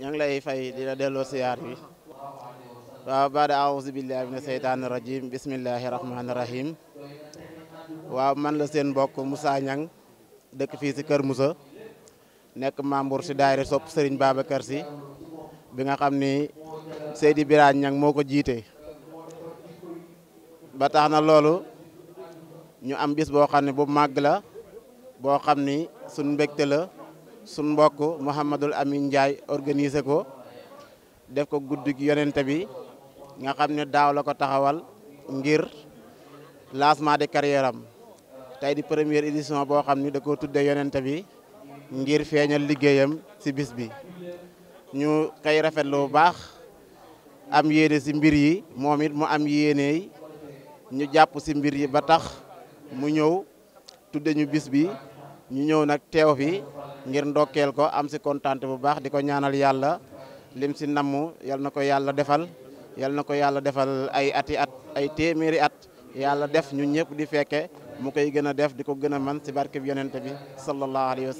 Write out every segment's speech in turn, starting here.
ña ngi lay fay di la delloo siyaar bi waaw baada aouzu billahi mina seytaani rajim bismillahi rahmaani rahim waaw man la seen mbokk Moussa Niang dëkk fii si Kër musa nekk membre si daayira sopp Serigne Babacar si bi nga xam ni Seydi Birane Niang moo ko jiite ba tax na loolu ñu am bis boo xam ne bu màgg la boo xam ni sun mbégte la suñ mbokk Mouhamadul Amin Ndiaye organiser ko def ko guddi gi yonente bi nga xam ne la ko taxawal ngir lancement de carrière am tey di première édition boo xam ni da ko tuddee yonente bi ngir feeñal liggéeyam ci bis bi ñu koy rafetlu bu baax am yéene ci mbir yi moom mu am yéene ñu jàpp ci mbir yi ba tax mu ñëw tudde ñu bis bi ñu fi ngir ndokkeel ko am si kontaante bu baax di ko ñaanal yàlla lim si nammu yal na ko yàlla defal yal na ko yàlla defal ay ati at ay téeméeri at yàlla def ñu ñëpp di fekke mu koy gëna def di ko gëna a man si barke bi yonente bi sallallahu alayhi wa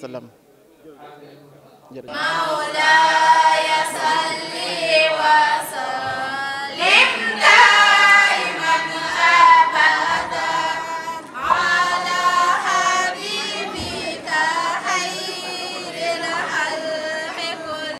sallam